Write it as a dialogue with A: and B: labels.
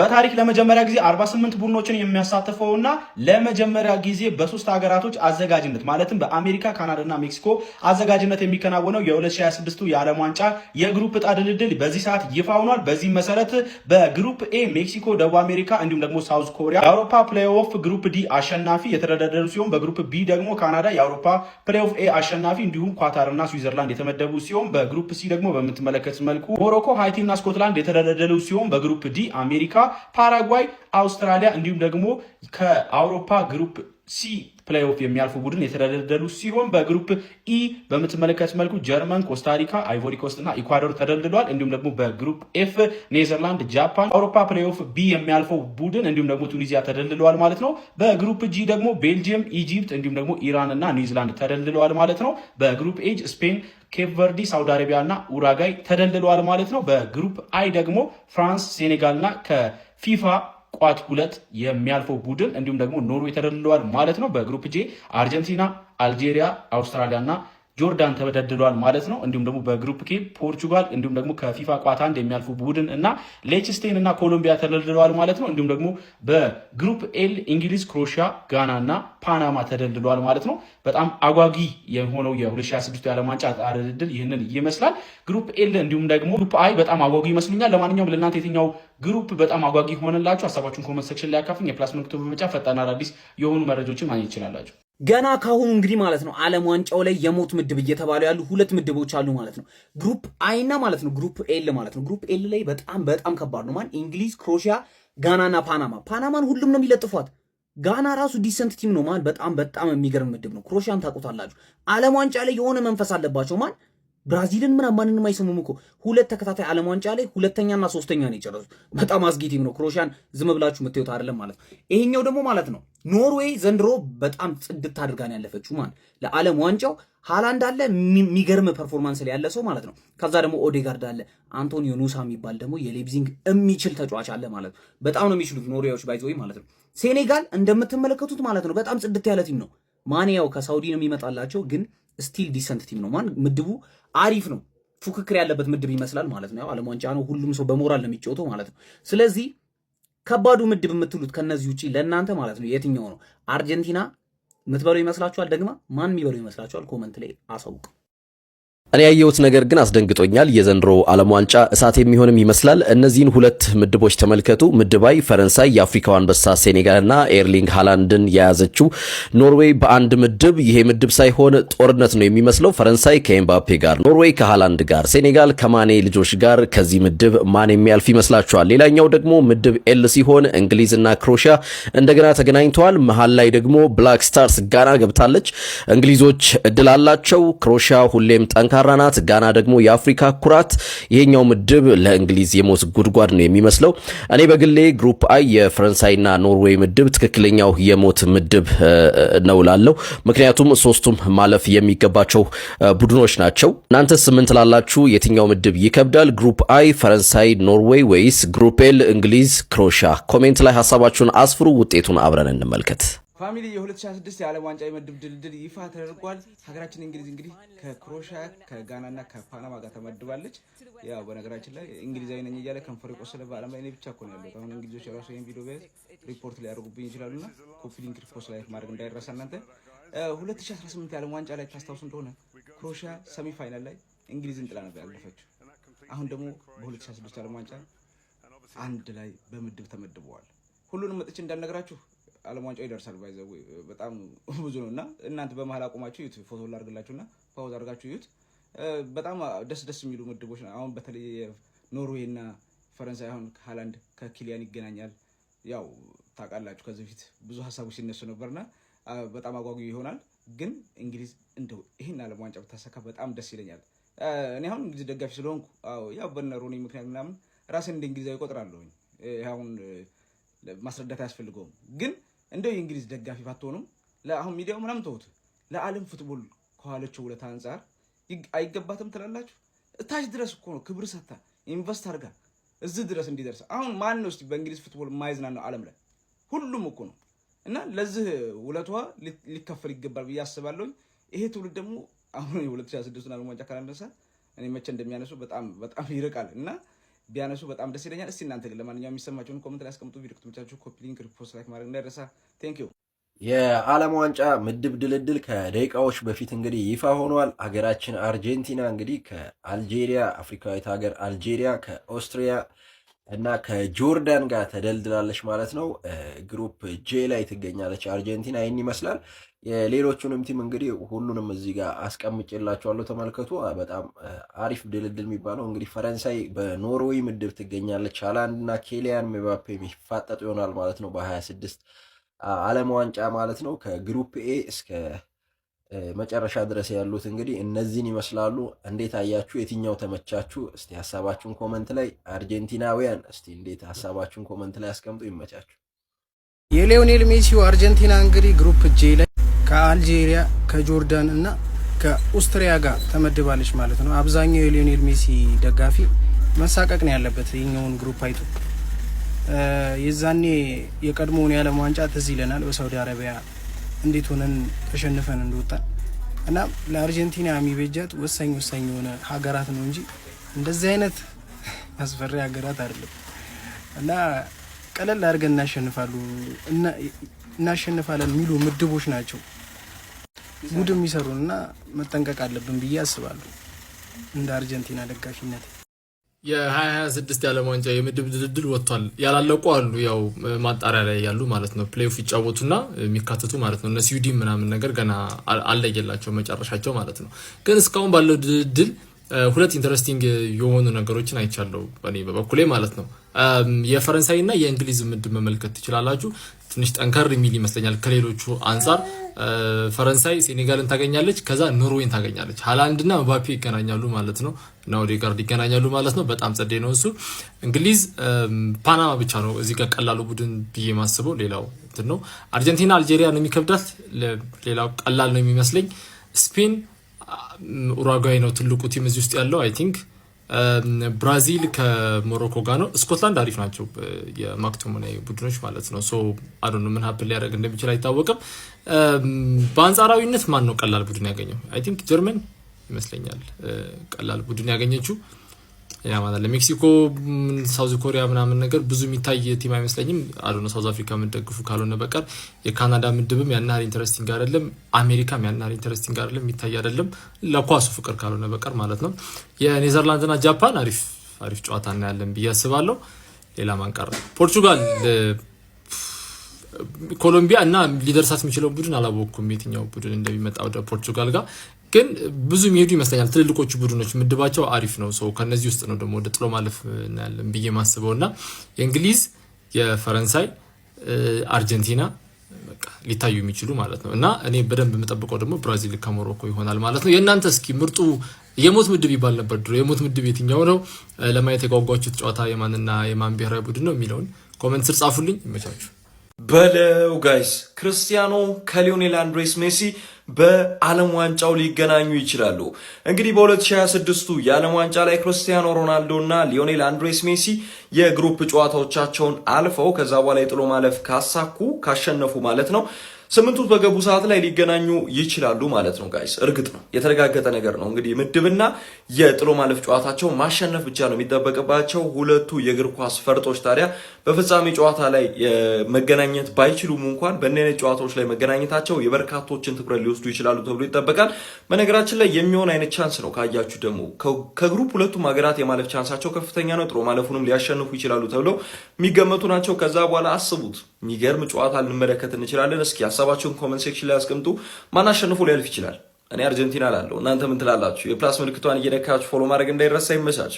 A: በታሪክ ለመጀመሪያ ጊዜ 48 ቡድኖችን የሚያሳትፈውና ለመጀመሪያ ጊዜ በሶስት ሀገራቶች አዘጋጅነት ማለትም በአሜሪካ፣ ካናዳና ሜክሲኮ አዘጋጅነት የሚከናወነው የ2026 የዓለም ዋንጫ የግሩፕ እጣ ድልድል በዚህ ሰዓት ይፋ ሆኗል። መሰረት በግሩፕ ኤ ሜክሲኮ፣ ደቡብ አሜሪካ እንዲሁም ደግሞ ሳውዝ ኮሪያ የአውሮፓ ፕሌይኦፍ ግሩፕ ዲ አሸናፊ የተደረደሩ ሲሆን በግሩፕ ቢ ደግሞ ካናዳ የአውሮፓ ፕሌይኦፍ ኤ አሸናፊ እንዲሁም ኳታርና ስዊዘርላንድ የተመደቡ ሲሆን በግሩፕ ሲ ደግሞ በምትመለከት መልኩ ሞሮኮ፣ ሃይቲ እና ስኮትላንድ የተደረደሩ ሲሆን በግሩፕ ዲ አሜሪካ ፓራጓይ፣ አውስትራሊያ እንዲሁም ደግሞ ከአውሮፓ ግሩፕ ሲ ፕሌይኦፍ የሚያልፉ ቡድን የተደለደሉ ሲሆን በግሩፕ ኢ በምትመለከት መልኩ ጀርመን፣ ኮስታሪካ፣ አይቮሪኮስት እና ኢኳዶር ተደልድሏል። እንዲሁም ደግሞ በግሩፕ ኤፍ ኔዘርላንድ፣ ጃፓን፣ አውሮፓ ፕሌይኦፍ ቢ የሚያልፈው ቡድን እንዲሁም ደግሞ ቱኒዚያ ተደልድለዋል ማለት ነው። በግሩፕ ጂ ደግሞ ቤልጅየም፣ ኢጂፕት እንዲሁም ደግሞ ኢራን እና ኒውዚላንድ ተደልድለዋል ማለት ነው። በግሩፕ ኤጅ ስፔን ኬፕ ቨርዲ ሳውዲ አረቢያ እና ኡራጋይ ተደልድለዋል ማለት ነው። በግሩፕ አይ ደግሞ ፍራንስ፣ ሴኔጋል እና ከፊፋ ቋት ሁለት የሚያልፈው ቡድን እንዲሁም ደግሞ ኖርዌይ ተደልለዋል ማለት ነው። በግሩፕ ጄ አርጀንቲና፣ አልጄሪያ፣ አውስትራሊያ እና ጆርዳን ተበደድሏል ማለት ነው። እንዲሁም ደግሞ በግሩፕ ኬ ፖርቹጋል እንዲሁም ደግሞ ከፊፋ ቋት አንድ የሚያልፉ ቡድን እና ሌችስቴን እና ኮሎምቢያ ተደልድሏል ማለት ነው። እንዲሁም ደግሞ በግሩፕ ኤል እንግሊዝ፣ ክሮሽያ፣ ጋና እና ፓናማ ተደልድሏል ማለት ነው። በጣም አጓጊ የሆነው የ2026 የዓለም ዋንጫ ድድል ይህንን ይመስላል። ግሩፕ ኤል እንዲሁም ደግሞ ግሩፕ አይ በጣም አጓጊ ይመስሉኛል። ለማንኛውም ለእናንተ የትኛው ግሩፕ በጣም አጓጊ ሆነላችሁ? ሀሳባችሁን ኮመንት ሴክሽን ላይ ያካፍኝ። የፕላስ ምልክቱ በመጫን ፈጣን አዳዲስ የሆኑ መረጃዎችን ማግኘት ይችላላችሁ። ገና ካሁኑ እንግዲህ ማለት ነው ዓለም ዋንጫው ላይ የሞት ምድብ እየተባሉ ያሉ ሁለት ምድቦች አሉ ማለት ነው። ግሩፕ አይና ማለት ነው ግሩፕ ኤል ማለት ነው። ግሩፕ ኤል ላይ በጣም በጣም ከባድ ነው። ማን እንግሊዝ፣ ክሮሺያ፣ ጋናና ፓናማ። ፓናማን ሁሉም ነው የሚለጥፏት። ጋና ራሱ ዲሰንት ቲም ነው ማን። በጣም በጣም የሚገርም ምድብ ነው። ክሮሺያን ታውቁታላችሁ። ዓለም ዋንጫ ላይ የሆነ መንፈስ አለባቸው ማን ብራዚልን ምና ማንንም አይሰሙም እኮ ሁለት ተከታታይ ዓለም ዋንጫ ላይ ሁለተኛና ሶስተኛ ነው የጨረሱት። በጣም አስጊ ቲም ነው። ክሮሽያን ዝም ብላችሁ የምታዩት አይደለም ማለት ነው። ይሄኛው ደግሞ ማለት ነው ኖርዌይ ዘንድሮ በጣም ጽድት አድርጋ ነው ያለፈችው። ማለት ለዓለም ዋንጫው ሃላንድ አለ የሚገርም ፐርፎርማንስ ላይ ያለ ሰው ማለት ነው። ከዛ ደግሞ ኦዴጋርድ አለ፣ አንቶኒዮ ኑሳ የሚባል ደግሞ የሌብዚንግ የሚችል ተጫዋች አለ ማለት ነው። በጣም ነው የሚችሉት ኖርዌዎች ባይዘወይ ማለት ነው። ሴኔጋል እንደምትመለከቱት ማለት ነው በጣም ጽድት ያለ ቲም ነው። ማንያው ከሳውዲ ነው የሚመጣላቸው ግን ስቲል ዲሰንት ቲም ነው። ማን ምድቡ አሪፍ ነው፣ ፉክክር ያለበት ምድብ ይመስላል ማለት ነው። ያው ዓለም ዋንጫ ነው፣ ሁሉም ሰው በሞራል ነው የሚጫወተው ማለት ነው። ስለዚህ ከባዱ ምድብ የምትሉት ከነዚህ ውጪ ለእናንተ ማለት ነው የትኛው ነው? አርጀንቲና የምትበለው ይመስላችኋል? ደግማ ማን የሚበለው ይመስላችኋል? ኮመንት ላይ አሳውቅ? እኔ ያየሁት ነገር ግን አስደንግጦኛል። የዘንድሮ ዓለም ዋንጫ እሳት የሚሆንም ይመስላል። እነዚህን ሁለት ምድቦች ተመልከቱ። ምድባይ ፈረንሳይ የአፍሪካ አንበሳ ሴኔጋልና ኤርሊንግ ሃላንድን የያዘችው ኖርዌይ በአንድ ምድብ። ይሄ ምድብ ሳይሆን ጦርነት ነው የሚመስለው። ፈረንሳይ ከኤምባፔ ጋር፣ ኖርዌይ ከሃላንድ ጋር፣ ሴኔጋል ከማኔ ልጆች ጋር። ከዚህ ምድብ ማን የሚያልፍ ይመስላችኋል? ሌላኛው ደግሞ ምድብ ኤል ሲሆን እንግሊዝና ክሮሽያ እንደገና ተገናኝተዋል። መሀል ላይ ደግሞ ብላክ ስታርስ ጋና ገብታለች። እንግሊዞች እድል አላቸው። ክሮሺያ ሁሌም ጠንካ ጠንካራ ናት። ጋና ደግሞ የአፍሪካ ኩራት። ይሄኛው ምድብ ለእንግሊዝ የሞት ጉድጓድ ነው የሚመስለው። እኔ በግሌ ግሩፕ አይ የፈረንሳይና ኖርዌይ ምድብ ትክክለኛው የሞት ምድብ ነው ላለው፣ ምክንያቱም ሶስቱም ማለፍ የሚገባቸው ቡድኖች ናቸው። እናንተስ ምን ትላላችሁ? የትኛው ምድብ ይከብዳል? ግሩፕ አይ ፈረንሳይ፣ ኖርዌይ ወይስ ግሩፕ ኤል እንግሊዝ፣ ክሮሻ? ኮሜንት ላይ ሀሳባችሁን አስፍሩ። ውጤቱን አብረን እንመልከት።
B: ፋሚሊ የ2026 የዓለም ዋንጫ የምድብ ድልድል ይፋ ተደርጓል። ሀገራችን እንግሊዝ እንግዲህ ከክሮሻ ከጋና እና ከፓናማ ጋር ተመድባለች። ያው በነገራችን ላይ እንግሊዛዊ ነኝ እያለ ከንፈሩ የቆሰለ በዓለም ላይ እኔ ብቻ እኮ ነው ያለሁት። አሁን እንግሊዞች የራሱ ይህን ቪዲዮ ቢያዩት ሪፖርት ሊያደርጉብኝ ይችላሉ። እና ኮፒ ሊንክ ሪፖርት ላይ ማድረግ እንዳይረሳ እናንተ 2018 የዓለም ዋንጫ ላይ ታስታውሱ እንደሆነ ክሮሻ ሰሚ ፋይናል ላይ እንግሊዝን ጥላ ነበር ያለፈችው። አሁን ደግሞ በ2026 ዓለም ዋንጫ አንድ ላይ በምድብ ተመድበዋል። ሁሉንም መጥቼ እንዳልነግራችሁ አለም ዋንጫው ይደርሳል። ባይዘው በጣም ብዙ ነው እና እናንተ በመሀል አቁማችሁ ዩት ፎቶ ላርግላችሁና ፓውዝ አርጋችሁ ዩት። በጣም ደስ ደስ የሚሉ ምድቦች ነው። አሁን በተለይ ኖርዌይ እና ፈረንሳይ አሁን ሃላንድ ከኪሊያን ይገናኛል። ያው ታውቃላችሁ ከዚህ በፊት ብዙ ሀሳቦች ሲነሱ ነበርና በጣም አጓጊ ይሆናል። ግን እንግሊዝ እንደው ይህን አለም ዋንጫ ብታሳካ በጣም ደስ ይለኛል። እኔ አሁን እንግሊዝ ደጋፊ ስለሆንኩ ያው በነ ሮኒ ምክንያት ምናምን ራሴን እንደ እንግሊዛዊ ቆጥራለሁኝ። አሁን ማስረዳት አያስፈልገውም ግን እንደው የእንግሊዝ ደጋፊ ባትሆኑም ለአሁን ሚዲያው ምናምን ተውት፣ ለዓለም ፉትቦል ከዋለችው ውለታ አንጻር አይገባትም ትላላችሁ? እታች ድረስ እኮ ነው ክብር ሰታ ኢንቨስት አድርጋ እዚህ ድረስ እንዲደርስ። አሁን ማን ነው እስቲ በእንግሊዝ ፉትቦል የማይዝናን ነው ዓለም ላይ ሁሉም እኮ ነው። እና ለዚህ ውለቷ ሊከፈል ይገባል ብዬ አስባለሁ። ይሄ ትውልድ ደግሞ አሁን የ2026 ዓለም ዋንጫ ካላነሳ እኔ መቼ እንደሚያነሱ በጣም በጣም ይርቃል እና ቢያነሱ በጣም ደስ ይለኛል። እስቲ እናንተ ግን ለማንኛውም የሚሰማቸውን ኮመንት ላይ አስቀምጡ። ቪዲዮ ከተመቻችሁ ኮፒ ሊንክ፣ ሪፖስት፣ ላይክ ማድረግ እንዳይረሳ። ቴንክ ዩ።
C: የዓለም ዋንጫ ምድብ ድልድል ከደቂቃዎች በፊት እንግዲህ ይፋ ሆኗል። ሀገራችን አርጀንቲና እንግዲህ ከአልጄሪያ አፍሪካዊት ሀገር አልጄሪያ ከኦስትሪያ እና ከጆርዳን ጋር ተደልድላለች ማለት ነው። ግሩፕ ጄ ላይ ትገኛለች አርጀንቲና። ይህን ይመስላል። የሌሎቹንም ቲም እንግዲህ ሁሉንም እዚህ ጋር አስቀምጬላችኋለሁ ተመልከቱ። በጣም አሪፍ ድልድል የሚባለው እንግዲህ ፈረንሳይ በኖርዌይ ምድብ ትገኛለች። ሃላንድ እና ኬሊያን ሜባፔ የሚፋጠጡ ይሆናል ማለት ነው በ26 ዓለም ዋንጫ ማለት ነው ከግሩፕ ኤ እስከ መጨረሻ ድረስ ያሉት እንግዲህ እነዚህን ይመስላሉ። እንዴት አያችሁ? የትኛው ተመቻችሁ? እስቲ ሀሳባችሁን ኮመንት ላይ አርጀንቲናውያን፣ እስቲ እንዴት ሀሳባችሁን ኮመንት ላይ አስቀምጡ። ይመቻችሁ።
D: የሊዮኔል ሜሲው አርጀንቲና እንግዲህ ግሩፕ ጄ ላይ ከአልጄሪያ ከጆርዳን እና ከኡስትሪያ ጋር ተመድባለች ማለት ነው። አብዛኛው የሊዮኔል ሜሲ ደጋፊ መሳቀቅ ነው ያለበት የኛውን ግሩፕ አይቶ። የዛኔ የቀድሞውን የዓለም ዋንጫ ትዝ ይለናል በሳውዲ አረቢያ እንዴት ሆነን ተሸንፈን እንደወጣን እና ለአርጀንቲና የሚበጃት ወሳኝ ወሳኝ የሆነ ሀገራት ነው እንጂ እንደዚህ አይነት አስፈሪ ሀገራት አይደለም። እና ቀለል አድርገን እናሸንፋሉ እናሸንፋለን የሚሉ ምድቦች ናቸው ጉድ የሚሰሩን እና መጠንቀቅ አለብን ብዬ አስባለሁ እንደ አርጀንቲና ደጋፊነት
E: የ2026 የዓለም ዋንጫ የምድብ ድልድል ወጥቷል። ያላለቁ አሉ፣ ያው ማጣሪያ ላይ ያሉ ማለት ነው። ፕሌይኦፍ ይጫወቱና የሚካተቱ ማለት ነው። እነ ስዊድን ምናምን ነገር ገና አለየላቸው መጨረሻቸው ማለት ነው። ግን እስካሁን ባለው ድልድል ሁለት ኢንተረስቲንግ የሆኑ ነገሮችን አይቻለሁ እኔ በበኩሌ ማለት ነው። የፈረንሳይና የእንግሊዝ ምድ መመልከት ትችላላችሁ። ትንሽ ጠንከር የሚል ይመስለኛል ከሌሎቹ አንጻር። ፈረንሳይ ሴኔጋልን ታገኛለች፣ ከዛ ኖርዌይን ታገኛለች። ሀላንድና ባፒ ይገናኛሉ ማለት ነው እና ኦዴጋርድ ይገናኛሉ ማለት ነው። በጣም ጸዴ ነው እሱ። እንግሊዝ ፓናማ ብቻ ነው እዚህ ጋር ቀላሉ ቡድን ብዬ ማስበው። ሌላው እንትን ነው። አርጀንቲና አልጄሪያ ነው የሚከብዳት። ሌላው ቀላል ነው የሚመስለኝ ስፔን ኡራጓይ ነው ትልቁ ቲም እዚህ ውስጥ ያለው አይ ቲንክ ብራዚል ከሞሮኮ ጋር ነው። ስኮትላንድ አሪፍ ናቸው የማክቶሞናዊ ቡድኖች ማለት ነው። ሶ አዶነ ምን ሀፕን ሊያደርግ እንደሚችል አይታወቅም። በአንጻራዊነት ማን ነው ቀላል ቡድን ያገኘው? አይ ቲንክ ጀርመን ይመስለኛል ቀላል ቡድን ያገኘችው ያማል ለሜክሲኮ ሳውዝ ኮሪያ ምናምን ነገር ብዙ የሚታይ ቲም አይመስለኝም። አዶነ ሳውዝ አፍሪካ የምደግፉ ካልሆነ በቀር የካናዳ ምድብም ያናህል ኢንተረስቲንግ አይደለም። አሜሪካም ያናህል ኢንተረስቲንግ አይደለም፣ የሚታይ አይደለም። ለኳሱ ፍቅር ካልሆነ በቀር ማለት ነው። የኔዘርላንድና ጃፓን አሪፍ አሪፍ ጨዋታ እናያለን ብዬ አስባለሁ። ሌላ ማንቀር ፖርቹጋል ኮሎምቢያ እና ሊደርሳት የሚችለው ቡድን አላወቅኩም፣ የትኛው ቡድን እንደሚመጣ ወደ ፖርቹጋል ጋር ግን ብዙ የሚሄዱ ይመስለኛል። ትልልቆቹ ቡድኖች ምድባቸው አሪፍ ነው። ሰው ከነዚህ ውስጥ ነው ደግሞ ወደ ጥሎ ማለፍ እናያለን ብዬ ማስበው እና የእንግሊዝ፣ የፈረንሳይ፣ አርጀንቲና ሊታዩ የሚችሉ ማለት ነው እና እኔ በደንብ የምጠብቀው ደግሞ ብራዚል ከሞሮኮ ይሆናል ማለት ነው። የእናንተ እስኪ ምርጡ የሞት ምድብ ይባል ነበር ድሮ። የሞት ምድብ የትኛው ነው? ለማየት የጓጓችሁት ጨዋታ የማንና የማን ብሔራዊ ቡድን ነው የሚለውን ኮመንት ስር ጻፉልኝ። ይመቻችሁ።
F: በለው ጋይስ ክርስቲያኖ ከሊዮኔል አንድሬስ ሜሲ በዓለም ዋንጫው ሊገናኙ ይችላሉ። እንግዲህ በ2026ቱ የዓለም ዋንጫ ላይ ክርስቲያኖ ሮናልዶ እና ሊዮኔል አንድሬስ ሜሲ የግሩፕ ጨዋታዎቻቸውን አልፈው ከዛ በኋላ የጥሎ ማለፍ ካሳኩ ካሸነፉ ማለት ነው ስምንቱ በገቡ ሰዓት ላይ ሊገናኙ ይችላሉ ማለት ነው ጋይስ። እርግጥ ነው የተረጋገጠ ነገር ነው። እንግዲህ ምድብና የጥሎ ማለፍ ጨዋታቸው ማሸነፍ ብቻ ነው የሚጠበቅባቸው። ሁለቱ የእግር ኳስ ፈርጦች ታዲያ በፍጻሜ ጨዋታ ላይ መገናኘት ባይችሉም እንኳን በእንዲህ አይነት ጨዋታዎች ላይ መገናኘታቸው የበርካቶችን ትኩረት ሊወስዱ ይችላሉ ተብሎ ይጠበቃል። በነገራችን ላይ የሚሆን አይነት ቻንስ ነው። ካያችሁ ደግሞ ከግሩፕ ሁለቱም ሀገራት የማለፍ ቻንሳቸው ከፍተኛ ነው። ጥሎ ማለፉንም ሊያሸንፉ ይችላሉ ተብለው የሚገመቱ ናቸው። ከዛ በኋላ አስቡት የሚገርም ጨዋታ ልንመለከት እንችላለን። እስኪ ሀሳባቸውን ኮመንት ሴክሽን ላይ አስቀምጡ። ማን አሸንፎ ሊያልፍ ይችላል? እኔ አርጀንቲና ላለው እናንተ ምን ትላላችሁ? የፕላስ ምልክቷን እየነካችሁ ፎሎ ማድረግ እንዳይረሳ ይመቻችሁ።